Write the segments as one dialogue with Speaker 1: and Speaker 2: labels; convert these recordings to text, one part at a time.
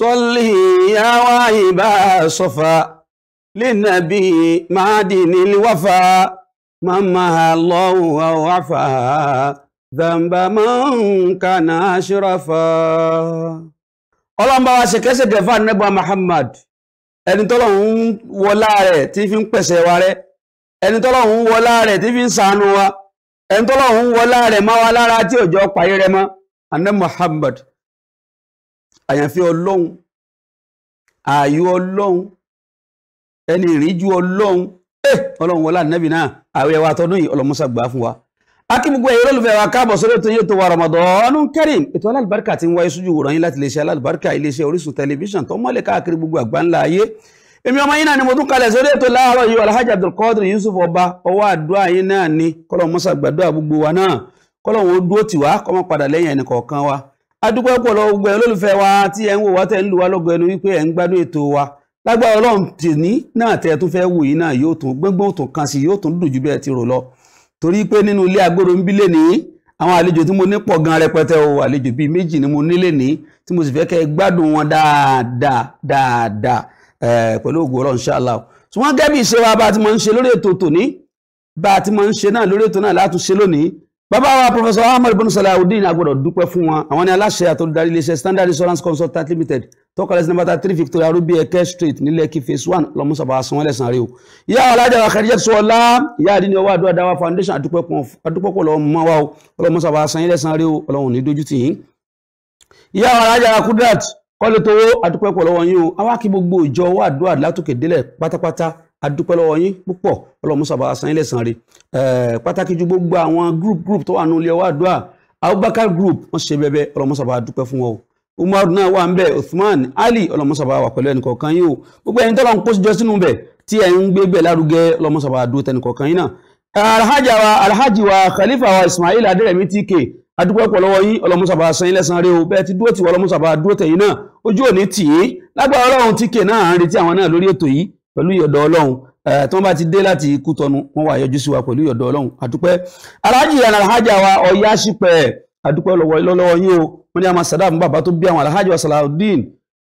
Speaker 1: صلي يا واهب صفا للنبي معدن الوفا مما الله وعفا ذنب من كان اشرفا ọlọ́mbà wa ṣe kẹ́sẹ̀ dẹ̀fà nẹ́bà Muhammad ẹni tọ́lọ̀hún ń wọlá rẹ̀ tí fi ń pèsè wa rẹ̀ ẹni tọ́lọ̀hún ń wọlá rẹ̀ tí fi ń ṣàánú wa ẹni ń wọlá rẹ̀ máa wá lára tí òjò pàyẹ́ rẹ̀ mọ́ anẹ́ Muhammad àyànfẹ́ ọlọ́run ààyò ọlọ́run ẹni ìríjú ọlọ́run eh! ọlọ́run wọlá nẹ́bì náà àwẹ̀ wa tọdún yìí ọlọ́mọ́sá gbà fún wa akíngbogbo ẹ̀yọ́ lọ́lùfẹ́ wa káàbọ̀ sórí ètò yìí tó wa Ramadan Kareem ètò alálùbáríkà ti ń wáyé sójú wòrán yín láti iléeṣẹ́ alálùbáríkà iléeṣẹ́ Orísun tẹlifíṣàn tó mọ́lẹ̀ káàkiri gbogbo àgbáńlá ayé èmi ọmọ yín náà ni mo tún kalẹ̀ sórí ètò láàárọ̀ yìí Alhaji Abdulkadir Yusuf ọba ọwọ́ àdúrà yín náà ni kọ́lọ́ mọ́sá gbàdúrà gbogbo wa náà kọ́lọ́ wọn ó dúró tì wá kọ́mọ́ padà lẹ́yìn ẹnì kọ̀ọ̀kan wa adúpẹ́ pọ̀ lọ́wọ́ gbogbo ẹ̀ olólùfẹ́ wa tí ẹ̀ ń wò wá tẹ̀ ń lù wá lọ́gọ̀ ẹnu wípé ẹ̀ ń gbádùn ètò wa lágbára ọlọ́run tèmi náà tẹ̀ tún fẹ́ wò yìí náà yóò tún gbọ́ngbọ́n tún kan sí yóò tún dùn ju bẹ́ẹ̀ ti rò lọ torí pé nínú ilé agbóró ń bí lẹ́ni àwọn àlejò tí mo ní pọ̀ gan rẹpẹtẹ o àlejò bíi méjì ni mo ní lẹ́ni tí mo sì fẹ́ kẹ́ gbádùn wọn dáadáa dáadáa eh, pẹ̀lú ògùn ọlọ́run ṣáàlà o ṣùgbọ́n gẹ́bí ìṣe wa bá a ti bàbá wa professor ahmed bin salawudeen agbọ́dọ̀ dúpẹ́ fún wọn àwọn ni aláṣẹ àtolúdarí iléeṣẹ́ standard insurance consultant limited tọkọlẹsí nàbàtà three victoria rubi eke street ní Lekki phase one lọmọsàbà sanwó ẹlẹsàn rẹ o ìyá alájà wa kẹrìjẹ sọ ọlá ìyá àdínní ọwọ́ àdúrà dáwà foundation àdúpẹ́pọ̀ lọ́mọ wa o ọlọmọsàbà sanwó ẹlẹsàn rẹ o Ọlọ́run ní dojú tì yín ìyá alájà wa kudrat kọ́lé towó àdúpẹ́pọ̀ lọ́wọ́ yín o awákí gbogbo ìjọ ọwọ́ àdúrà látòkè délẹ̀ pátápátá adúpẹ́ lọ́wọ́ yín púpọ̀ ọlọ́run musa bá san yín eh, pàtàkì ju gbogbo àwọn group group tó wà nílé ọwọ́ àdúrà Abubakar group wọ́n ṣe bẹbẹ ọlọ́run musa bá dúpẹ́ fún wọn o Umaru náà wà ń bẹ Uthman Ali ọlọ́run musa bá wà pẹ̀lú ẹnìkọ̀ọ̀kan yín o gbogbo ẹni tọ́lọ́run kó jọ sínú bẹ̀ tí ẹ̀ ń gbé bẹ̀ lárugẹ ọlọ́run musa bá dúró tẹnìkọ̀ọ̀kan náà alhaji wa alhaji wa khalifa wa Ismail Adérẹ̀mí TK adúpẹ́ pọ̀ lọ́wọ́ yín ọlọ́mọ́sàbà san yín lẹ́san rẹ o bẹ́ẹ̀ ti dúró tì wọ́n ọlọ́mọ́sàbà dúró tẹ̀yìn náà ojú òní tì í lágbára ọlọ́run TK náà ń retí àwọn náà lórí ètò yìí pẹ̀lú ìyọ̀dọ̀ ọlọ́run eh, tí wọ́n bá ti dé láti Kútọ́nù wọ́n wà yọjú sí wa pẹ̀lú ìyọ̀dọ̀ ọlọ́run àdúpẹ́ aláàjì ìlànà alhaja wa ọ̀yá sípẹ̀ àdúpẹ́ lọ́wọ́ yín o wọ́n ní àwọn sàdáàmù bàbá tó bí àwọn alhaji wa Salahuddin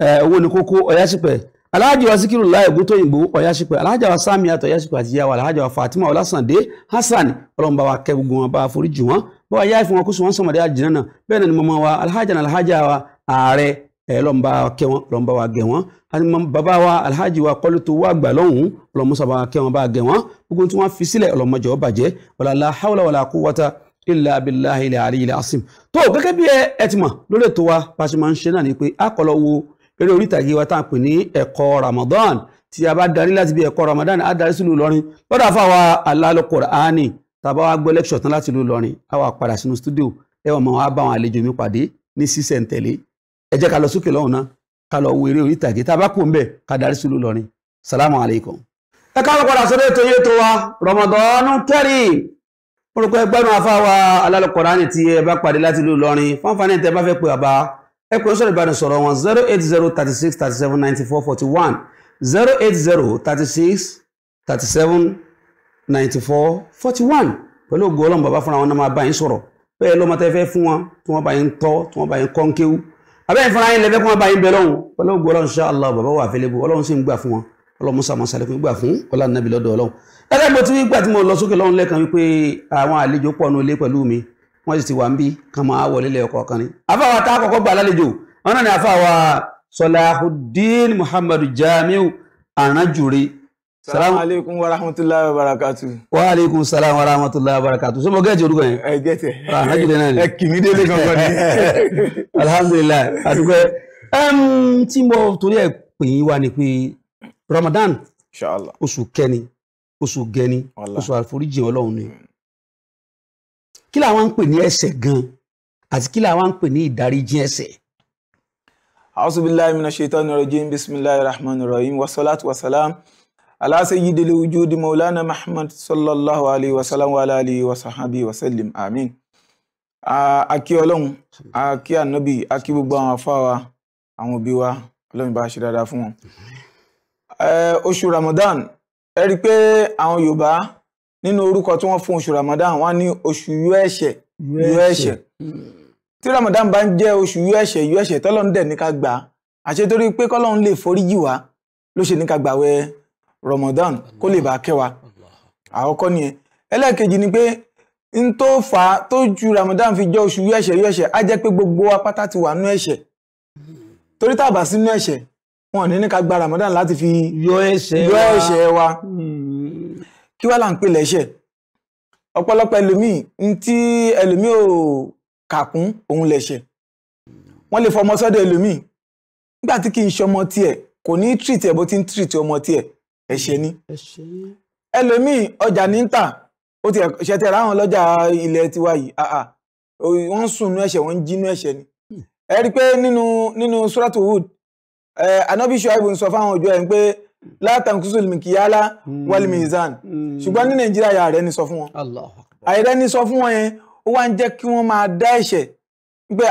Speaker 1: eh, owó ní kókó ọ̀yá sípẹ̀ alhaji wa Sikiru láì Ògúntóyìnbó ọ̀yá sípẹ̀ alhaji wa Sami àtọ̀ ọ̀yá sípẹ̀ àti ìyá wa alhaji wa Fatima Ọlásàndé Hassan ọlọ́run bá wa kẹ́ gbogbo wọn bá wa foríjì wọn bá wa yá ìfún wọn kó sùn wọn sọmọdé àjìnnà náà bẹ́ẹ̀ ni mo mọ wa alhaji na alhaja wa ààrẹ ẹ lọ́n bá kẹ́ wọn lọ́n bá wa gẹ̀ wọ́n bàbá wa alhaji wa kọ́lé tó wá gbà lọ́hùn ọlọ́mọsà bá kẹ́ wọn bá gẹ̀ wọ́n gbogbo tí wọ́n fi sílẹ̀ ọlọ́mọjọ́ bàjẹ́ ọ̀làlá hawla wàlà kó wọ́ta ilà abilahi ilà àrí ilà asim. tó gẹ́gẹ́ bí ẹ ti mọ̀ lórí ètò wa bá máa ń ṣe náà ni pé a kọ́ lọ wo eré orí ìtàgé wa tá à pè ní ẹ̀kọ́ ramadan tí a bá darí láti bí ẹ̀kọ́ ramadan á darí sílùú lọrin lọ́dà fáwa Qurani, tàbá wa gbọ́ lẹ́kṣọ̀ tán láti lù lọrin á wà padà sínú stúdíò ẹ wọ́n mọ̀ wá bá àwọn àlejò mi pàdé ní sísẹ̀ntẹ̀lé ẹ jẹ́ ká lọ sókè lọ́hùn náà ká lọ wo eré orí ìtàgé tá a bá kú ń bẹ̀ ká darí sílùú lọ́rin salamu alaykum. ẹ káàbọ̀ padà sọ́dọ̀ ètò yẹn tó wa Ramadan Kareem mo rò pé gbẹ́nu afá wa alálùkọ̀ránì tí ẹ bá pàdé láti ìlú lọ́rin fáńfàní tẹ bá fẹ́ pè àbá ẹ pè sọ̀rọ̀ ìbánisọ̀rọ̀ wọn zero eight zero thirty six thirty seven ninety four forty one zero eight zero thirty six thirty seven ninety four forty one pẹ̀lú ògo ọlọ́run fúnra wọn náà máa bá yín sọ̀rọ̀ bẹ́ẹ̀ lọ́mọ tẹ́ fẹ́ fún wọn tí wọ́n bá yín tọ́ tí wọ́n bá yín kọ́ńkéwú abẹ́ ìfúnra yín lẹ́fẹ́ kún wọn bá yín bẹ lọ́hùn ọlọ́run gbọ́ ọlọ́run ṣáà Allah bàbá wà fẹ́lẹ́bù ọlọ́run sì ń gbà fún wọn ọlọ́run musa musa lẹ́kùn gbà fún ọlá nàbì lọ́dọ̀ ọlọ́run ẹgbẹ́ mo ti wí gbà tí mo lọ sókè lọ́hùn lẹ́kan wípé àwọn àlejò pọ̀ nù ilé pẹ̀lú mi wọ́n sì ti wà ń bí kan máa wọlé lẹ́ọ̀kọ̀ kan ni. afáwa tá kọ́kọ́ gbà lálejò ọ̀nà ni afáwa Salahuddin salamu
Speaker 2: aleykum wa rahmatulahi wa barakatu.
Speaker 1: wa aleykum salaam wa rahmatulahi wa barakatu. ṣé mo gẹ́ẹ̀tì orúkọ yẹn. ẹ gẹ́ẹ̀tì ẹ ah, alájùlẹ̀ náà ni. ẹ kì mí délé gangan ni. alhamdulilayi adúgbò tí mo torí ẹ pè yín wá ni pé Ramadan oṣù kẹni oṣù gẹni oṣù àforíjì Ọlọ́run ni kí làwọn ń pè ní ẹ̀ṣẹ̀ gan
Speaker 2: àti kí làwọn ń pè ní ìdáríjì ẹ̀ṣẹ̀. a'udhu billahi minash shaitani rajim bismillahir rahmanir rahim wassalatu wassalam ala sayyidil wujudi maulana muhammad sallallahu alayhi wa sallam wa alayhi wa sahabi wa sallim amin. akí ọlọ́run akí ànábì akí gbogbo àwọn afáwa àwọn òbí wa ọlọ́run bá ṣe dáadáa fún wọn. oṣù ramadan ẹ rí i pé àwọn yorùbá nínú orúkọ tí wọ́n fún oṣù ramadan wọ́n ní oṣù yú ẹ̀ṣẹ̀ yú ẹ̀ṣẹ̀ tí ramadan bá ń jẹ́ oṣù yú ẹ̀ṣẹ̀ yú ẹ̀ṣẹ̀ tọ́lọ́run dẹ̀ ní ká gbà àṣetorí pé kọ́lọ́run lè foríjì wá ló ṣe ní ká gbàwẹ̀ Ramadan kó lè bá kẹwàá àkọ́kọ́ nìyẹn ẹlẹ́ẹ̀kejì ni pé n tó fà tó ju Ramadan fi jẹ́ oṣù yẹ̀ṣẹ̀ yẹ̀ṣẹ̀ á jẹ́ pé gbogbo wa pátá ti wà nú ẹ̀ṣẹ̀ torí tá a bá sínú ẹ̀ṣẹ̀ wọn ní ká gba Ramadan láti fi yọ ẹ̀ṣẹ̀ wa hmm. kí wá là ń pè lẹ́ṣẹ̀ ọ̀pọ̀lọpọ̀ ẹlòmíì n tí ẹlòmíì ò kàkún òun lẹ́ṣẹ̀ wọ́n lè fọmọ sọ́dọ̀ ẹlòmíì nígbà tí kì í ṣọmọ tiẹ̀ kò ní tírìtì ẹ̀ bó ti ń tírìtì ọmọ tiẹ̀ ẹ̀ṣẹ̀ ni ẹlòmíì ọjà ní ń tà ó ti ẹ̀ṣẹ̀ tẹ̀ ráhùn lọ́jà ilẹ̀ tiwa yìí wọ́n ń sùn nú ẹ̀ṣẹ̀ wọ́n jí nú ẹ̀ṣẹ̀ ni hmm. ẹ rí i pé nínú nínú suratu Hud anabi Shuaibu ń sọ fáwọn òjò ẹ̀ ń pé látàkùsùn mìkìyàlá hmm. wal mizan hmm. ṣùgbọ́n ní Nàìjíríà yà rẹ̀ ni sọ fún wọn àìrẹ́ ni sọ fún wọn yẹn ó wá ń jẹ́ kí wọ́n máa dá ẹ̀ṣẹ̀ pé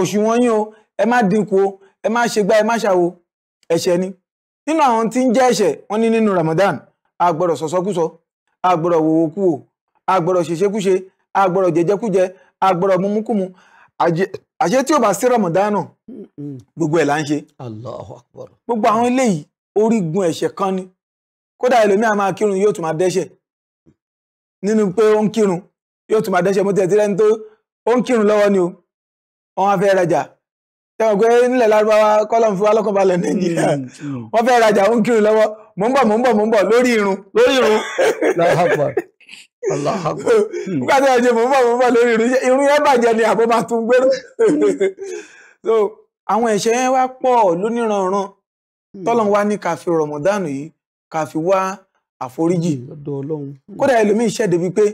Speaker 2: òṣùwọ̀n yín o ẹ má dínkù o ẹ má ṣe gbá ẹ má ṣàwo ẹ̀ṣẹ̀ ni nínú àwọn tí ń jẹ́ ẹ̀ṣẹ̀ wọ́n ní nínú Ramadan a sọsọ sọ̀sọ́kúsọ a gbọ́dọ̀ wòwòkúwò a gbọ́dọ̀ ṣèṣekúṣe a gbọ́dọ̀ jẹjẹkújẹ a gbọ́dọ̀ àṣẹ tí ó bá sí Ramadan gbogbo ẹ̀ là ń ṣe. gbogbo àwọn eléyìí orígun ẹ̀ṣẹ̀ kan ni kódà ẹlòmíà kírun yóò tún máa dẹ́ṣẹ̀ nínú pé ó ń kírun yóò tún máa dẹ́ṣẹ̀ mo tẹ̀ ni o wọ́n á fẹ́ rajà tẹ́wọ̀n pé nílẹ̀ lárúbáwá kọ́lọ́n fún wa lọ́kànbalẹ̀ hmm, nàìjíríà hmm. wọ́n fẹ́ rajà ó ń kírun lọ́wọ́ mò ń bọ̀ mò ń bọ̀ mò ń bọ̀ lórí irun. lórí irun láhàpá láhàpá. Hmm. nígbà tí wọ́n ṣe mò ń bọ̀ mò ń bọ̀ lórí irun irun yẹn bàjẹ́ ni àbọ̀ máa tún gbérù. so àwọn ẹ̀ṣẹ̀ yẹn wá pọ̀ lóníranran tọ́lọ́n wá ní ká fi rọ̀mọ̀dánù yìí ká fi wá àforíjì. kódà ẹlòmíì ṣẹ̀ débi pé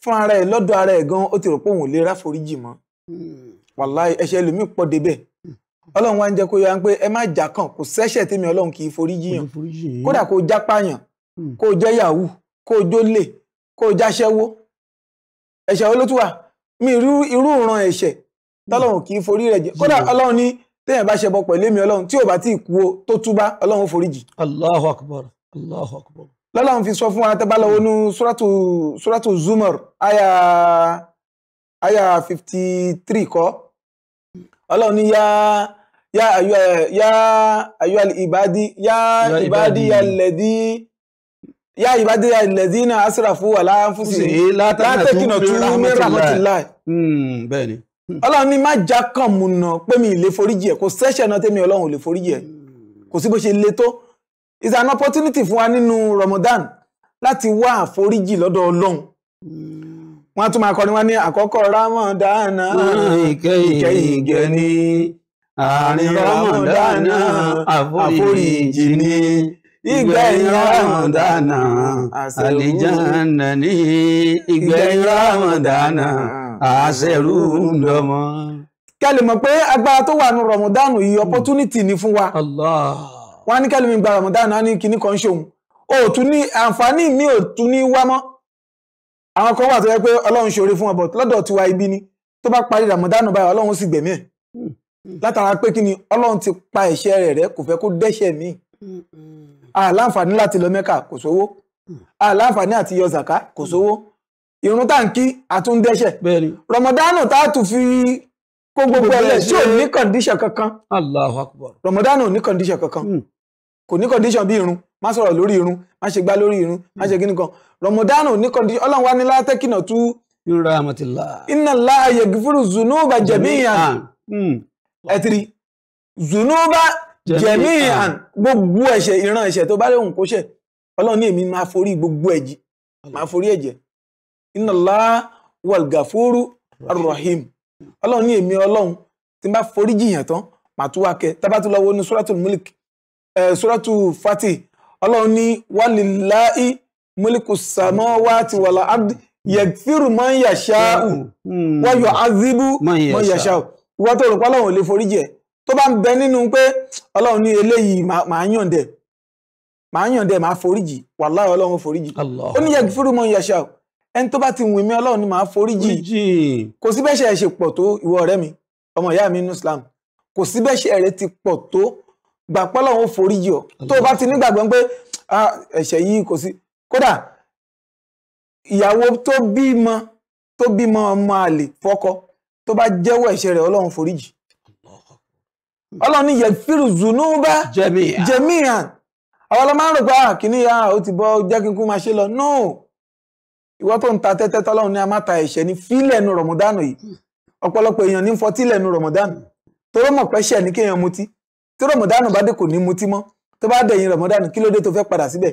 Speaker 2: fún ara ẹ̀ ọlọ́run wá ń jẹ́ kó yọ pé ẹ má jà kàn kò sẹ́ṣẹ̀ tèmi ọlọ́run kì í forí jiyàn kódà kó já hmm. kó jẹ́ yahoo kó jólè kó jáṣẹ́wó ẹ̀ṣẹ̀ olótùwà mi irú irú ìran ẹ̀ṣẹ̀ tọ́lọ́run kì í forí rẹ̀ jẹ́ kódà hmm. ọlọ́run ní téèyàn bá ṣẹbọ pẹ̀lú èmi ọlọ́run tí ò bá tíì kú o tó túbá ọlọ́run forí jì.
Speaker 1: Allahu akbar Allahu akbar.
Speaker 2: lọ́lọ́run fi sọ fún wa tẹ́bá lọ́wọ́ nú suratu suratu Zumar aya aya fifty three kọ́ ọlọ́run ní yá. Ya yá ayọ́ yá ayọ́ ìbádí yá ìbádí alẹ́dí yá ìbádí alẹ́dí náà asrafu ala anfusihim látẹ̀kìnà tún min rahmatillah. Hmm, bẹ́ẹ̀ni. ọlọ́run ní má já kàn mú nà pé mi lè foríjì ẹ̀ kò sẹ́ṣẹ̀ náà tẹ́mi ọlọ́run ò lè foríjì ẹ̀ kò sí bó ṣe le tó is an opportunity fún wa nínú Ramadan láti wá àforíjì lọ́dọ̀ ọlọ́run hmm. wọ́n á tún máa kọrin wá ní àkọ́kọ́ Ramadan ìkẹyìn ìgẹ̀ àárín ramadana àforíjì ni ìgbẹ̀yìn ramadana àlìjáná ní ìgbẹ̀yìn ramadana àṣẹrù ńdọmọ. kẹ́lẹ̀ mọ̀ pé agbára tó wà ní ramadana yìí opportunity ni fún wa wọ́n á ní kẹ́lẹ̀ mi gba ramadana á ní kinní kan ṣòun o tún ní àǹfààní mi ò tún ní wá mọ́ àwọn kan wà tó yẹ pé ọlọ́run ṣoore fún wọn bọ̀ lọ́dọ̀ tiwa ibi ni tó bá parí ramadana báyìí ọlọ́run sì gbẹ̀mí ẹ̀. Hmm. Mm. látara pé kí ni ọlọ́run ti pa ẹ̀ṣẹ̀ rẹ̀ rẹ́ kò fẹ́ kó dẹ́ṣẹ̀ míì àláǹfààní láti lọ mẹ́kà kò sówó àláǹfààní mm. àti yọ zàká kò mm. sówó irun tá n kí àtúndẹ́ṣẹ̀ rọmọdánù tá a tún fi kó gbogbo ẹlẹ tí ò ní kọ̀ǹdíṣàn kankan Allahu Akbar rọmọdánù ò ní kọ̀ǹdíṣàn kankan kò ní kọ̀ǹdíṣàn bí irun má sọ̀rọ̀ lórí irun má ṣe gbá lórí irun má ṣe gíní rọmọdánù ní kọ̀ǹdíṣàn ọlọ́run wá ní látẹ́kìnà tú. irú
Speaker 1: rahmatillah.
Speaker 2: inna Allah yagfiru zunuba jami'an. ẹtìrí zunuba jẹmíhàn ah. gbogbo ẹ̀ṣẹ̀ ìran ẹ̀ṣẹ̀ tó bá lóhùn kó ṣẹ̀ Ọlọ́run èmi máa forí gbogbo ẹ̀jì máa forí ẹ̀jẹ̀ innallaha wal gafuru arrahim Ọlọ́run ní èmi Ọlọ́run tí n bá forí jìyàn tán màá tún wá kẹ tábà tún lọ wo ní suratul mulk ẹ suratu fatih Ọlọ́run ní walillahi mulku samawati wal ardi yagfiru man yasha'u hmm. wa yu'adhibu man yasha'u. ìwọ́n tó rò pé ọlọ́run ò lè foríjì ẹ̀ tó bá ń bẹ nínú pé ọlọ́run ní eléyìí màá yànjẹ màá yànjẹ màá foríjì wàláhì ọlọ́run foríjì ó ní yẹ fúru mọ ìyàṣà o ẹni tó bá ti wùn mí ọlọ́run ni màá foríjì kò sí bẹ́ẹ̀ ṣe ẹ̀ ṣe pọ̀ tó ìwọ ọ̀rẹ́ mi ọmọ ìyá mi nínú Islam kò sí bẹ́ẹ̀ ṣe ẹ̀rẹ́ ti pọ̀ tó gbà pé ọlọ́run foríjì ọ tó o bá ti nígbàgbọ́ pé ẹ̀ṣẹ̀ yìí kò sí kódà ìyàwó tó bímọ tó bímọ ọmọ àlè fọ́kọ tó bá jẹ́wọ́ ẹ̀ṣẹ̀ rẹ̀ ọlọ́run foríjì ọlọ́run ní yẹ̀fìrù zunuba jẹ̀míhàn àwọn ọlọ́mọ àrùn pa kìíní ya ó ti bọ́ jẹ́ kí n kú máa ṣe lọ no ìwọ tó ń ta tẹ́tẹ́ tọ́lọ́run ní a máa ta ẹ̀ṣẹ̀ ní fílẹ̀ nu rọ̀mọ̀dánù yìí ọ̀pọ̀lọpọ̀ èèyàn ní fọtílẹ̀ nu rọ̀mọ̀dánù toró mọ̀ pẹ́ṣẹ̀ ní kéèyàn mutí tí rọ̀mọ̀dánù bá dé kò ní mutí mọ́ tó bá dẹ̀yìn rọ̀mọ̀dánù kí ló dé tó fẹ́ padà síbẹ̀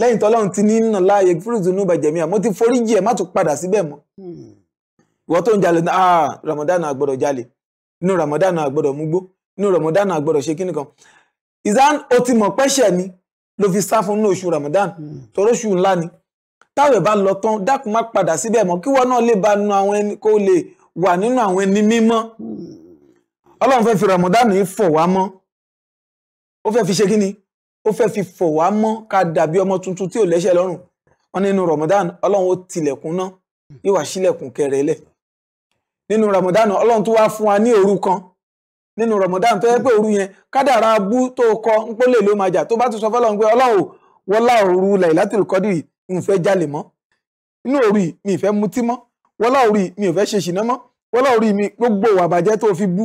Speaker 2: lẹ́yìn tọ́lọ́run ti ní nà láàyè fúrùtù nù bàjẹ́míà mo ti foríjì ẹ̀ má tún padà síbẹ̀ mọ́. Hmm ìwọ́n tó ń jalè náà ah Ramadan àgbọ̀dọ̀ jalè inú Ramadan àgbọ̀dọ̀ mugbó inú Ramadan àgbọ̀dọ̀ ṣe kíni kan ìzán o ti mọ̀ pẹ́ṣẹ̀ ni ló fi sá fún inú oṣù Ramadan hmm. tọ́rọ́ oṣù ńlá ni táwọn ìbá lọ tán dákun má padà síbẹ̀ mọ́ kí wọ́n náà lè ba nu àwọn ẹni kó lè wà nínú àwọn ẹni mímọ́ hmm. Ọlọ́run fẹ́ fi Ramadan yìí fọ̀ wá mọ́ ó fẹ́ fi ṣe kíni ó fẹ́ fi fọ̀ wá mọ́ ká dàbí ọmọ tuntun tí ò lẹ́ṣẹ̀ lọ́rùn wọn nínú Ramadan Ọlọ́run ó tilẹ̀kùn náà yóò wá sílẹ̀kùn kẹrẹ̀ẹ́lẹ̀ nínú Ramadan ọlọ́run tó wa fún wa ní òru kan nínú Ramadan to yẹ pé òru yẹn kadara abú kọ ń pólè maja to ba tó bá tún sọ fọlọ́run pé ọlọ́run Lailatul Qadri fẹ́ jalè mọ́ inú òru mi ì fẹ́ mutí mọ́ oru mi ò fẹ́ ṣe ṣìná mọ́ oru mi gbogbo ìwà bàjẹ́ fi bú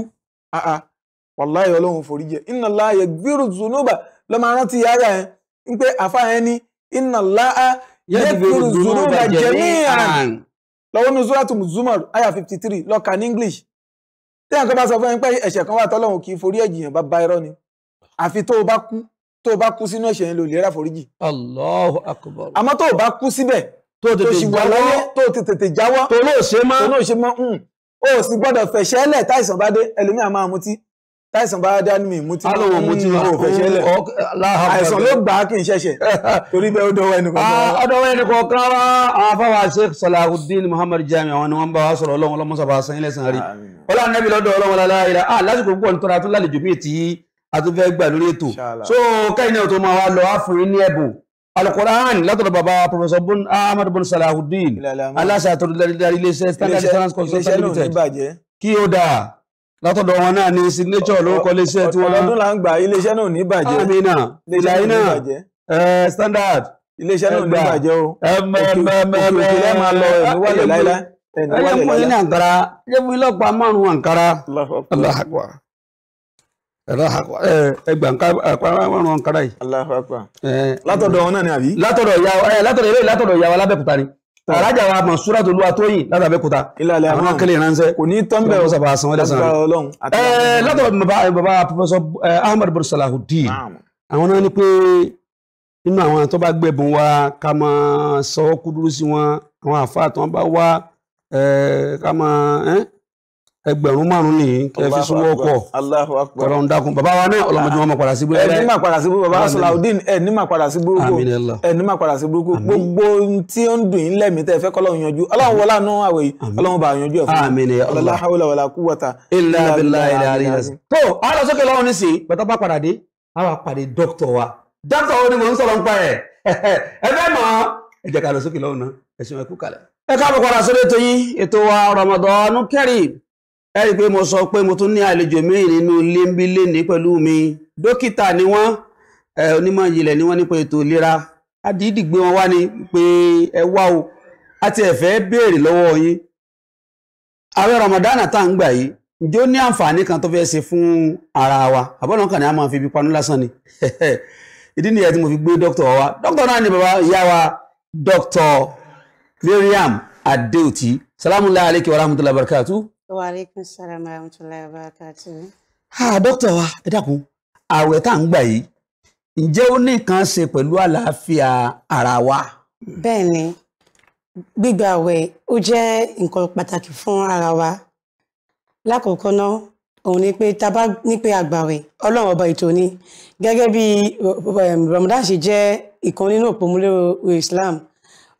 Speaker 2: lọ́wọ́ nu zúrátù zumar aya fifty lọ́ka ní english tí àwọn kan bá sọ fún ẹni pé ẹ̀ṣẹ̀ kan wà tọ́lọ́hún kì í forí ẹ̀jìyàn bá bá irọ́ ni àfi tó o bá kú tó o bá kú sínú ẹ̀ṣẹ̀ yẹn ló lè rà foríjì. Allahu akbar. àmọ́ tó o bá kú síbẹ̀ tó tètè jáwọ́ tó tètè jáwọ́ tó lóò ṣe mọ́ tó lóò ṣe mọ́ mm, o sì gbọ́dọ̀ fẹ̀ṣẹ́ lẹ̀ táìsàn bá dé ẹlòmíà máa mutí táìsàn bá dá ní mi mú tí wọn mú tí wọn fẹ́ ṣẹlẹ̀ àìsàn ló gbà á kì í ṣẹ̀ṣẹ̀ torí bẹ́ẹ̀ ó dọwọ́ ẹnì
Speaker 1: kọ̀ọ̀kan. ọdọwọ́ ah, ẹnì wa àwọn Sheikh Salahuddin Muhammad Jamiu àwọn ni wọ́n bá wa sọ̀rọ̀ ọlọ́run ọlọ́mọ sọ̀rọ̀ àṣà ilẹ̀ sàn rí ọlá nẹ́bí lọ́dọ̀ ọlọ́run aláìlá à ah, lásìkò púpọ̀ nítorí atún lálejò bíi ti atúfẹ́ gbà lórí ètò so kẹ́hìnà tó máa wá lọ áfùrín ní ẹ̀bùn alukuraan látọ̀dọ̀ bàbá professor bun ahmed bun Salahuddin aláṣà àtọ̀dọ̀ ilé iṣẹ́ standard insurance consultant limited
Speaker 2: kí ó dáa látọ̀dọ̀ wọn náà ni signature lórúkọ iléeṣẹ́ tí wọ́n. ọ̀dọ́dún là ń gbà iléeṣẹ́ náà ò ní bàjẹ́. amina ìlàyé náà standard. iléeṣẹ́ náà ò ní bàjẹ́ o. òkè òkè lẹ́ẹ̀ máa lọ ẹ̀mí wálé láíláí. ẹ̀yẹ mú ilé àǹkárá
Speaker 1: ẹ̀yẹ mú ilé ọ̀pá márùn-ún àǹkárá. Allahu Akbar ẹgbà márùn-ún àǹkárá yìí. Allahu Akbar.
Speaker 2: látọ̀dọ̀ wọn náà ni àbí. látọ̀dọ̀ ìyá wa
Speaker 1: látọ̀dọ̀ ìyá wa lábẹ́kúta ni alájà wa mọ̀ súrà tó lúwa tóyìn látàbẹ́kúta àwọn akẹ́lẹ̀ ìránṣẹ́ kò ní tọ́ḿbẹ̀ ọ̀sà bá sanwó dẹ́sán rẹ̀ látọ̀ bàbá pọfẹsọ Ahmad bin Salahuddin àwọn náà ni pé nínú àwọn tó bá gbẹ̀bùn wa ká máa sọ kúdúrú sí wọn àwọn àfáà tó wọn bá wá ká máa ẹgbẹ̀rún márùn ní kẹfí súnmọ́ ọkọ̀
Speaker 2: ọ̀rọ̀ ń dákun bàbá wa náà ọlọ́mọdé wọn máa padà sí burúkú. ẹ ní máa padà sí burúkú bàbá Salaudeen ẹ ní máa padà sí burúkú ẹ ní máa padà sí burúkú gbogbo tí ó ń dùn yín lẹ́mìí tẹ́ fẹ́ kọ́lọ́hún yanjú ọlọ́run wọlé àánú àwẹ̀ yìí ọlọ́run bá yanjú ẹ̀ fún àmín la hawla wala quwwata a lọ sókè lọ́wọ́ nísìnyí bàtà
Speaker 1: bá padà dé a wà pàdé dókítà wa dókítà wo ni mò ń sọ̀rọ̀ ń pa ẹ̀ ẹ fẹ́ mọ̀ ẹ jẹ́ ká lọ sókè lọ́wọ́ náà ẹ ṣeun ẹ kú kalẹ̀. ẹ káàbọ̀ padà sórí ètò yín ètò ẹ̀rí pé mo sọ pé mo tún ní àlejò mẹ́rin nínú ilé ń bí pẹ̀lú mi dókítà ni wọ́n onímọ̀ ìjìnlẹ̀ ni wọ́n nípa ètò ìlera àdídì gbé wọn wá ní pé ẹ wá o àti ẹ̀fẹ́ béèrè lọ́wọ́ yín àwẹ̀ Ramadan tá ń gbà yìí ǹjẹ́ ní àǹfààní kan tó fẹ́ ṣe fún ara wa àbọ̀nà kan ní a máa fi ibi panú lásán ni ìdí nìyẹn tí mo fi gbé dókítà wa dókítà náà ni bàbá ìyá wa dókítà Mariam Adeoti salamu alaykum wa rahmatulahi
Speaker 3: wàhálẹ́kùn sàlámù rahmatulahi wabarakatuh.
Speaker 1: ha dókítà wa ẹ dákun ààwẹ̀ tá à ń gbà yìí ǹjẹ́ ó ní nǹkan ṣe pẹ̀lú àlàáfíà ara wa.
Speaker 3: bẹ́ẹ̀ ni gbígba ààwẹ̀ ó jẹ́ nǹkan pàtàkì fún ara wa lákòókò náà òun ni pé tá a bá ní pé àgbàwẹ̀ ọlọ́run ọba ètò ni gẹ́gẹ́ bí ehm, Ramadan ṣe jẹ́ ìkan nínú òpómúlérò Islam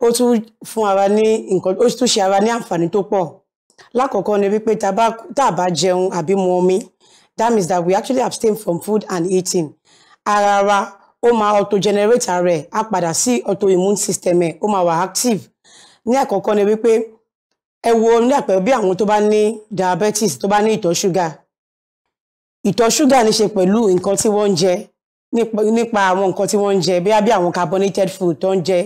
Speaker 3: ó tún fún ara ní nǹkan ó tún ṣe ara ní àǹfààní tó pọ̀ lákọ̀ọ́kọ́ ni wípé tá a bá jẹun àbí mu omi that means that we actually abstain from food and eating ara wa ó máa auto-generate rẹ̀ á padà sí auto-immune system ẹ̀ ó máa wà active ní àkọ́kọ́ ni wípé ẹ wo ní àpẹẹrẹ bí àwọn tó bá ní diabetes tó bá ní ìtọ̀ ṣúgà ìtọ̀ ṣúgà ní ṣe pẹ̀lú nǹkan tí wọ́n ń jẹ nípa àwọn nǹkan tí wọ́n ń jẹ bí bí àwọn carbonated food tó ń jẹ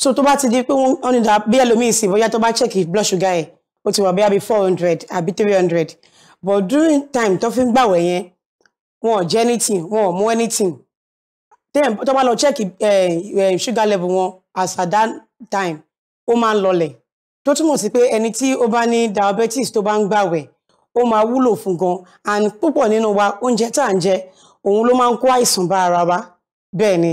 Speaker 3: so tó bá ti di pé wọ́n ní bí ẹlòmíì sì bóyá tó bá check blood sugar ẹ̀ ó ti wà bí àbí four hundred àbí three hundred but during time tó fi ń gbàwẹ̀ yẹn wọn ò jẹ anything wọn ò mú anything then tó bá lọ check eh, eh, sugar level wọn as at that time ó máa ń lọlẹ̀ tó túmọ̀ sí pé ẹni tí ó bá ní diabetes tó bá ń gbàwẹ̀ ó máa wúlò fún gan and púpọ̀ nínú wa oúnjẹ tá à ń jẹ òun ló máa ń kó àìsàn bá ara wa bẹ́ẹ̀ ni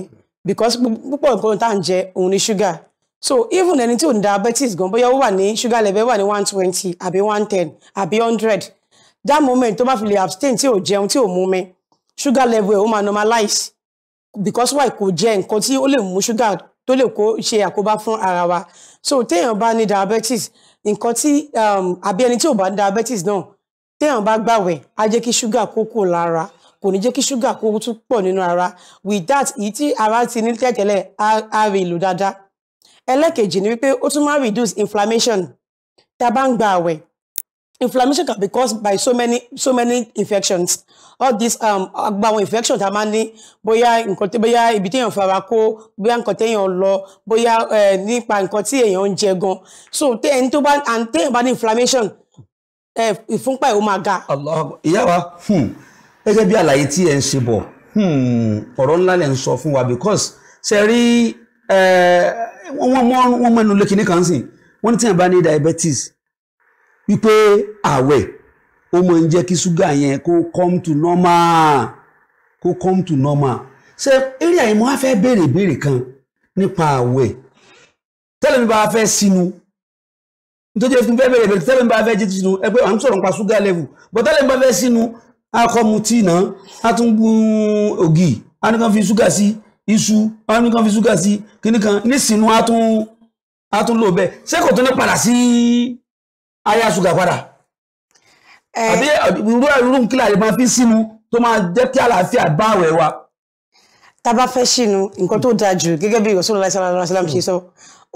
Speaker 3: because púpọ̀ nǹkan tá à ń jẹ òun ni sugar so even ẹni tí ò ní diabetes gan bóyá ó wà ní sugar level wà ní one twenty àbí one ten àbí hundred that moment tó bá fi lè abstain tí ò jẹun tí ò mú mi sugar level ẹ̀ ó máa normalize because why kò jẹ nǹkan tí ó lè mú sugar tó lè kó ṣe àkóbá fún ara wa so téèyàn bá ní diabetes nǹkan tí um, àbí ẹni tí ò bá ní diabetes náà téèyàn bá gbàwẹ̀ á jẹ́ kí sugar kó kù lára kò ní jẹ́ kí ṣúgà kó tún pọ̀ nínú ara with that èyí tí ara ti ní tẹ́tẹ́lẹ̀ á rí ìlú dáadáa ẹlẹ́ẹ̀kejì ni wípé ó tún máa reduce inflammation tá a bá ń gba àwẹ̀ inflammation can be caused by so many so many infections all these um gba àwọn infection tá boya máa ní bóyá nǹkan tí bóyá ibi téèyàn fara kó bóyá nǹkan téèyàn lọ bóyá nípa nǹkan tí èèyàn ń jẹ gan so ẹni tó bá and téèyàn bá ní inflammation ìfúnpá ẹ̀ ó máa ga.
Speaker 1: ìyá wa gẹ́gẹ́ hmm, bí àlàyé tí ẹ̀ ń ṣe bọ̀ hmm, ọ̀rọ̀ ńlá lẹ̀ ń sọ fún wa because ṣe rí wọ́n mọ́ wọ́n mọ́ ẹnu lé kinní kan sìn wọ́n ní tí wọ́n bá ní diabetes wípé àwẹ̀ ó máa ń jẹ́ kí ṣúgà yẹn kó come to normal kó come to normal ṣe eré àyẹ̀mọ́ á fẹ́ béèrè ìbéèrè kan nípa àwẹ̀ tẹ́lẹ̀ mi bá fẹ́ sínú nítorí ẹ̀sìn fẹ́ béèrè ìbéèrè tẹ́lẹ̀ mi bá fẹ́ jẹ́ sínú ẹ pé à ń sọ̀rọ̀ nípa ṣúgà level But tẹ́lẹ̀ mi bá fẹ́ sínú akọ mutí náà á tún gún ògì á ní kan fi ṣúgà sí i Isu, wọn ní kan fi ṣúgà sí kíní kan nísìnú á tún lò bẹ́ẹ̀ ṣé kò tún ní padà sí aya ṣúgà padà
Speaker 3: àbí irú ẹ̀rú kílà yìí máa fi sínú tó máa jẹ́ kí àlàáfíà bá àwẹ̀ wa. tá a bá fẹ́ sínú nǹkan tó dáa jù gẹ́gẹ́ bí ìrọ̀sọ́nà láìsí aláàlá sálám ṣe sọ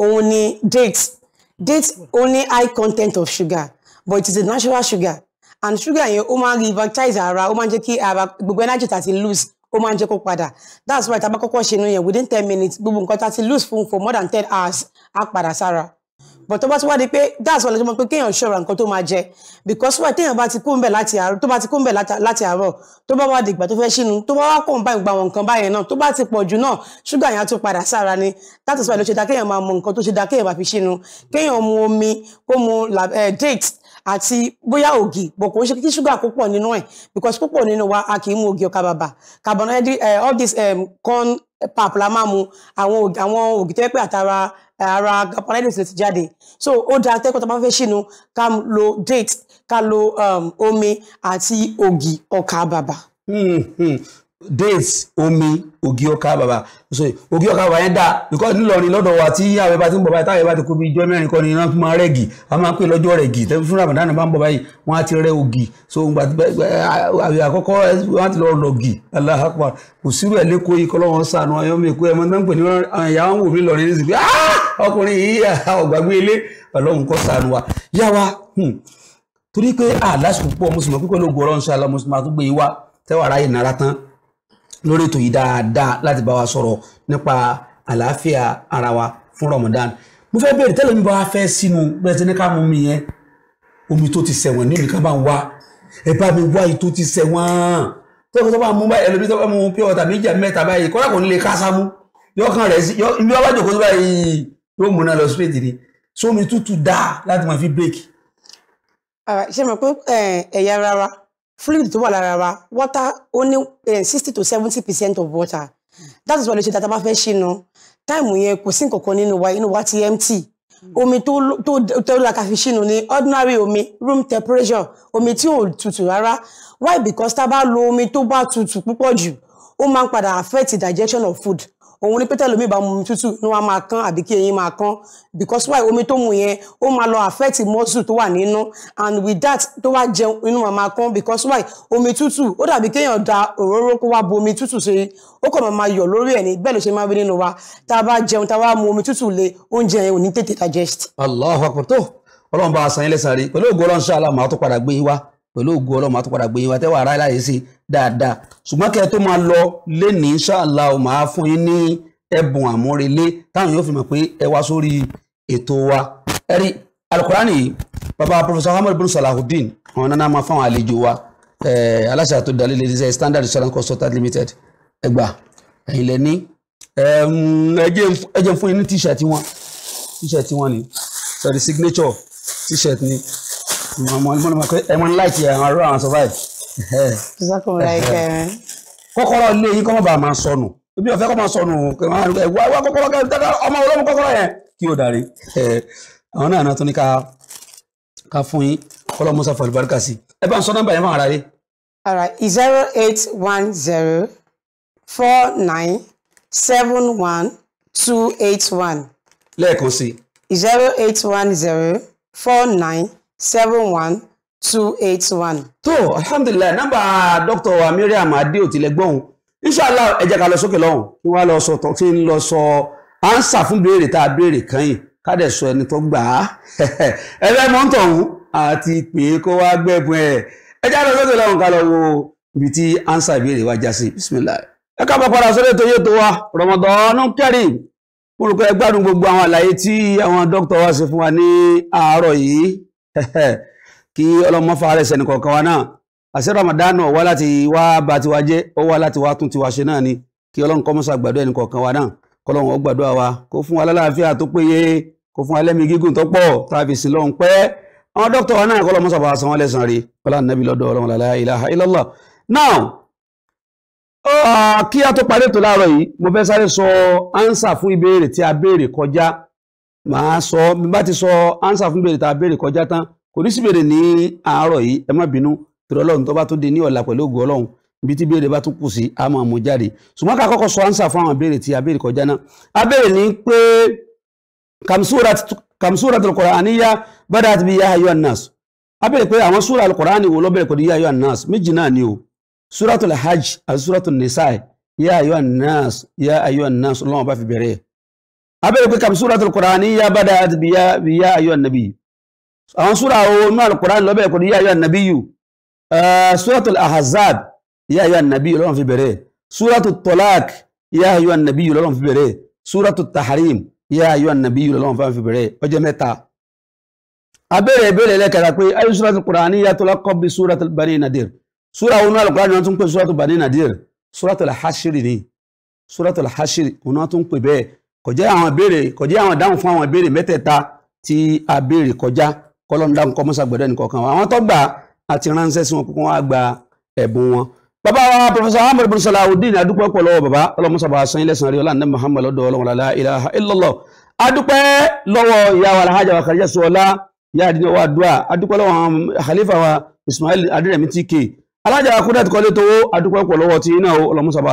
Speaker 3: òun ni date date only high content of sugar but it is a natural sugar and sugar yẹn ó máa revitalize ara ó máa jẹ́ kí gbogbo energy tàti lose ó máa ń jẹ́ kó padà that's why tá a bá kọ́kọ́ ṣe inú yẹn within ten minutes gbogbo nǹkan tá a ti lose phone for more than ten hours á padà sára but tó bá ti wá di pé that's why lè jẹ́ pé kéèyàn ṣọ́ra nǹkan tó máa jẹ because why téèyàn bá ti kú ńbẹ̀ láti àárọ̀ tó bá ti kú ńbẹ̀ láti àárọ̀ tó bá wá di ìgbà tó fẹ́ ṣínú tó bá wá kó ńbá ìgbà wọn nǹkan báyẹn náà tó bá ti pọ̀ jù náà ṣúgà yẹn á tún padà sára ni That's why ló ṣe dá kéèyàn máa mu nǹkan tó ṣe dá kéèyàn máa fi ṣínú kéèyàn mu omi kó mu eh, date àti bóyá ògì bọ̀ kò ń ṣe kí ṣúgà kó nínú ẹ̀ because púpọ̀ nínú wa a kì í mu ògì ọkà bàbà carbohydrate eh, all this um, corn pap la máa mu àwọn ògì tó yẹ pé àtara ara carbohydrate ti jáde so ó dáa tẹ́kọ̀ọ́ tó bá fẹ́ ṣìnú ká lo date ká lo um, omi àti ògì ọkà bàbà. Hmm, hmm
Speaker 1: dates omi ògì ọkà bàbà so ògì ọkà bàbà yẹn dà because ńlọrin lọ́dọ̀ wa tí àwẹ̀ bá ti ń bọ̀ báyìí táwẹ̀ bá ti kó bí ijọ́ mẹ́rin kọ́ ni iná máa rẹ́gì a máa ń pè lọ́jọ́ rẹ̀gì fún Ramadan bá ń bọ̀ báyìí wọ́n á ti rẹ́ ògì so àwẹ̀ àkọ́kọ́ wọ́n á ti lọ rọ̀ ògì Allahu Akbar kò sírú ẹ̀ lẹ́kọ̀ọ́ yìí kọ́lọ́wọ́n sànù ọyọ́ mi kó ẹ mọ́ tán pè ní ìyá wọn wò mí lọ́rin ní sìnkú ah! ọkùnrin yìí ọ̀gbàgbé ah, ilé Ọlọ́run kọ́ sànù wa yá wa hmm. torí pé àlásìkò ah, lórí ètò yìí dáadáa láti bá wa sọ̀rọ̀ nípa àlàáfíà ara wa fún Ramadan mo fẹ́ bẹ̀rẹ̀ tẹ́lẹ̀ mi bá wa fẹ́ sínú bẹ́ẹ̀ tí ní ká mú mi yẹn omi tó ti sẹ̀wọ̀n ní nìkan bá ń wá ẹ bá mi wá yìí tó ti sẹ̀wọ̀n tọ́kọ̀ tó bá mú báyìí ẹlòmí tó bá mú pure water méjì mẹ́ta báyìí kọ́lá kò ní lè kásá mú yọkàn rẹ̀ sí ibi ọba jòkó tó báyìí yóò mú náà lọ sípèjì ni sómi tútù dáa láti máa fi bírèkì.
Speaker 3: ṣé mo pé ẹ̀yà rárá fluid to wà lára wa water only ní eh, sixty to seventy percent of water that is why lè ṣe dáadáa bá fẹ́ ṣìnà táìmù yẹn kò sí nǹkankan nínú wa inú wa ti empty omi tó tó tó la ká fi ṣìnà ordinary omi room temperature omi tí ò tutù rárá why because tá a bá lo omi tó bá tutù púpọ̀ jù ó máa ń padà affect digestion of food òun ní pété lómi ìbámu omi tútù ní wọn máa kán àbí kí eyín máa kán because why omi tó mu yẹn ó máa lọ affect muscle tó wà nínú and with that tó wá jẹun inú wọn máa kán because why omi tútù ó dàbí kéèyàn da òróró kó wá bu omi tútù ṣe ó kàn máa yọ̀ lórí ẹ̀ ní bẹ́ẹ̀ ló ṣe máa bí nínú wa tá a bá jẹun tá a wá mu omi tútù le oúnjẹ yẹn ò ní tètè digest.
Speaker 1: Allahu akbar Ọlọ́run bá a sàn yín lẹ́sàn pẹ̀lú ògo Ọlọ́run ṣáà pẹ̀lú ògùn ọlọ́run máa tún padà gbé yín wá tẹ́wọ̀ ara láyé sí dáadáa ṣùgbọ́n kẹ́ ẹ tó máa lọ lẹ́ni inshallah ò máa fún yín ní ẹ̀bùn àmúrelé táwọn yóò fi mọ̀ pé ẹ wá sórí ètò wa ẹ̀rí alukurani baba professor ahmed bin salahudeen àwọn nana máa fáwọn àlejò wa aláṣà tó dalẹ̀ lè ṣe standard insurance consultant limited ẹgbà ẹ̀yin lẹ́ni ẹ̀jẹ̀ mm, fún yín ní t-shirt wọn t-shirt wọn ni sorry signature t-shirt ni mo ní mo pé ẹ mo ní láìkí àwọn arúgbó àwọn sọfà yìí. kọ́kọ́rọ́ ilé yìí kọ́ mọ̀ bá máa sọnù ibi ọ̀fẹ́ kọ́ máa sọnù wá wá kọ́kọ́rọ́ kẹ́ ọmọ olómi kọ́kọ́rọ́ yẹn kí o dàrí. àwọn náà náà tún ní ká fún yín kọ́lọ́ musa fọlù barika sí ẹ bá ń sọ nọ́mbà yẹn fún ara yín.
Speaker 3: ara zero eight one zero four nine seven one two eight one. lẹ́ẹ̀kan sí. zero eight one zero four nine seven one two eight one. tó alhamdulilayi nọ́mbà dr miriam adeoti lẹgbọn
Speaker 1: inshallah ẹ jẹ́ ká lọ sókè lọ́hùn kí wọ́n lọ sọ kí n lọ sọ ánsà fún béèrè tá a béèrè kan yìí kádẹ sọ ẹni tó gbà á ẹ fẹ́ mọ̀ ń tọ̀hún àti pé kó wá gbẹ̀bùn ẹ̀ ẹ jẹ́ ká lọ sókè lọ́hùn ká lọ wo ibi tí ánsà ìbéèrè wa já sí bisimilayi ẹ káàbọ̀ padà sórí ètò yóò tó wa Ramadan Kareem mo rò pé ẹ gbádùn gbogbo àwọn àlàyé tí àwọn dókítà wa ṣe fún wa ní àárọ̀ yìí kí ọlọ́mọ fà rẹ̀ sẹ́ni kọ̀ọ̀kan wa náà àṣẹ Ramadan wá láti wá bá tiwa jẹ́ ó wá láti wá tún tiwa ṣe náà ni kí ọlọ́run kọ́mọ́sọ àgbàdo ẹni kọ̀ọ̀kan wa náà kọ́lọ́run ó gbàdúrà wa kó fún wa lálàáfíà tó péye kó fún wa lẹ́mìí gígùn tó pọ̀ tá a fi sìn lọ́hùn pẹ́ àwọn dókítà wa náà kọ́lọ́mọ́sọ bá san wọ́n lẹ́sàn rí wọ́lá nàbí lọ́dọ̀ ọlọ́run la now kí a tó parí ètò láàárọ̀ yìí mo fẹ́ sáré sọ ánsà fún Ma sọ bí bá ti sọ ánsà fún béèrè tá a béèrè kọjá tán kò ní sí béèrè ní àárọ̀ yìí ẹ má bínú torí to tó bá tó dé ní ọ̀la pẹ̀lú ògùn ọlọ́run ibi tí béèrè bá tún kù sí a máa mú jáde ṣùgbọ́n ká kọ́kọ́ sọ ánsà fún àwọn béèrè tí a béèrè kọjá náà a béèrè ní pé kàmsúra tó kọ̀rọ̀ àníyá bàdà àti bí yáyọ anas a béèrè pé àwọn súra alukọ̀ránì wo ló bẹ̀rẹ̀ pẹ̀lú yáyọ anas méjì náà ni o súratul hajj àti súratul nisa yáyọ anas yáyọ anas ọlọ́run bá fi bẹ̀rẹ̀ abẹ́rẹ́ pé kàbí súratul Qur'aniyya badat bi ya ayyuhan nabiy àwọn súra owó inú al-Qur'an lọ́bẹ̀rẹ̀ pẹ̀lú ya ayyuhan nabiyyu súratul Ahzab ya ayyuhan nabiyyu lọ́rùn fi bẹ̀rẹ̀ súratul Talaq ya ayyuhan nabiyyu lọ́rùn fi bẹ̀rẹ̀ súratul Tahrim ya ayyuhan nabiyyu lọ́rùn fi bẹ̀rẹ̀ ọjọ́ mẹ́ta abẹ́rẹ́ ìbéèrè lẹ́kẹ̀ẹ́ta pé ayé súratul Qur'aniyya tulaqqab bi súratul Bani Nadir súra owó inú al-Qur'an ni wọ́n tún pè súratul Bani Nadir súratul Hashr ni súratul Hashr òun náà tún pè bẹ́ẹ̀ kò jẹ́ àwọn ìbéèrè kò jẹ́ àwọn ìdáhùn fún àwọn ìbéèrè mẹ́tẹ̀ẹ̀ta tí a béèrè kọjá kọ́lọ́n dáhùn kọ́ mọ́sá gbọ́dọ̀ nìkọ̀ọ̀kan wọn àwọn tó gbà àti ránṣẹ́ sí wọn kókó wọn á gba ẹ̀bùn wọn. bàbá wa pọfẹsọ ahmed bin salawudeen adúpẹ́ pọ̀ lọ́wọ́ bàbá ọlọ́mọsàbà sanyí lẹ́sàn rí ọlọ́ọ̀nà muhammed ọdọ ọlọ́wọ́n la ilaha wa ismail adúrẹ̀mí tk alhaja wa kúndàtìkọ́lé tówó adúpẹ́ pọ̀ lọ́wọ́ tí iná ọlọ́mọsàbà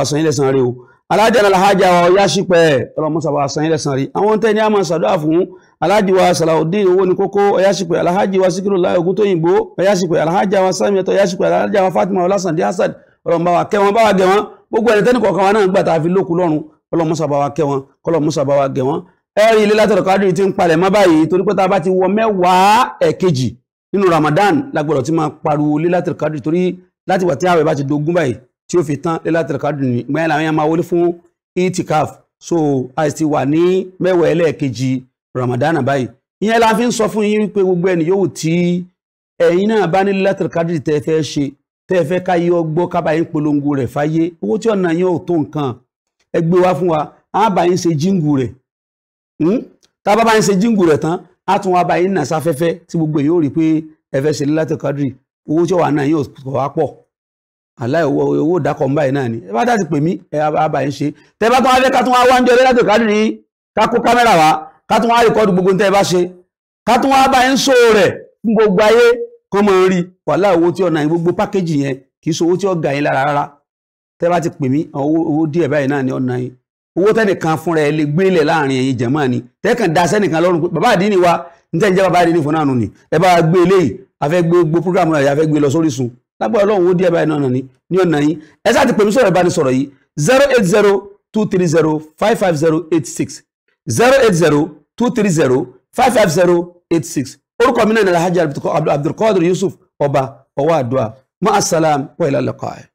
Speaker 1: alájà alájà wa ọ̀yá sípẹ́ ọlọ́mọ́sàbà sanyẹ́lẹ̀sàn rí àwọn tẹ́ ní a máa ṣàdúrà fún alájì wa Salaudeen owó ní kókó ọ̀yá sípẹ́ alájì wa Sikirullah Ògúntóyìnbó ọ̀yá sípẹ́ alájà wa samiato ọ̀yá sípẹ́ alájà wa Fatima ọlásàndí Hassan ọlọ́mọba wa kẹ́ wọn bá wa gẹ̀ wọn gbogbo ẹni tẹ́ni kọ̀ọ̀kan wa náà gbà tá a fi lókun lọ́rùn ọlọ́mọ́sàbà wa kẹ́ wọn kọlọ́mọ́sàbà wa gẹ̀ wọn ẹ̀rí ilé látọ̀rọ̀ kádìrì ti ń palẹ̀ mọ́ báyìí torí pé Ramadan lágbọ́dọ̀ ti máa pariwo ilé látọ̀rọ̀ kádìrì torí láti wà tí tí ó fi tán lẹ́látìrì kádùn ní gbẹ́yìn làwọn yẹn wọlé fún itikaf so a ti wà ní mẹ́wàá ẹlẹ́ẹ̀kejì Ramadan báyìí ìyẹn la fi ń sọ fún yín wípé gbogbo ẹni yòówù tí ẹ̀yin náà bá ní lẹ́látìrì kádùn tẹ́ fẹ́ ṣe tẹ́ fẹ́ káyé ọgbọ́ kábàá yín polongo rẹ̀ fáyé owó tí ọ̀nà yín ò tó nǹkan ẹ gbé wá fún wa á bá yín ṣe jíǹgù rẹ̀ hmm? tá bá yín ṣe jíǹgù rẹ̀ tán á tún wá bá yín nà sáfẹ́fẹ́ tí gbogbo èyí aláì owó owó dákọ̀ ń báyìí náà ni ẹ bá dá ti pè mí ẹ bá yín ṣe tẹ bá tún wá fẹ́ ká tún wá wá ń jẹ lẹ́dàtò ká ní ká kó kámẹ́rà wá ká tún wá rìkọ́dù gbogbo tẹ́ ẹ bá ṣe ká tún wá bá yín sọ rẹ̀ fún gbogbo ayé kán mọ̀ ń rí wàhálà owó tí ọ̀nà gbogbo pákéjì yẹn kì í ṣe owó tí ọ̀gá yín lára rárá tẹ bá ti pè mí owó díẹ̀ báyìí náà ni ọ̀nà yín owó tẹ́nìkan fún lágbára ọlọ́run ó díẹ̀ báyìí náà ní ní ọ̀nà yín ẹ sáà ti pè mí sọ̀rọ̀ ìbánisọ̀rọ̀ yìí zero eight zero two three zero five five zero eight six zero eight zero two three zero five five zero eight six orúkọ mi náà ní alhaji abdulkadir yusuf ọba ọwọ́ àdúrà ma'asalam wa ilal liqa.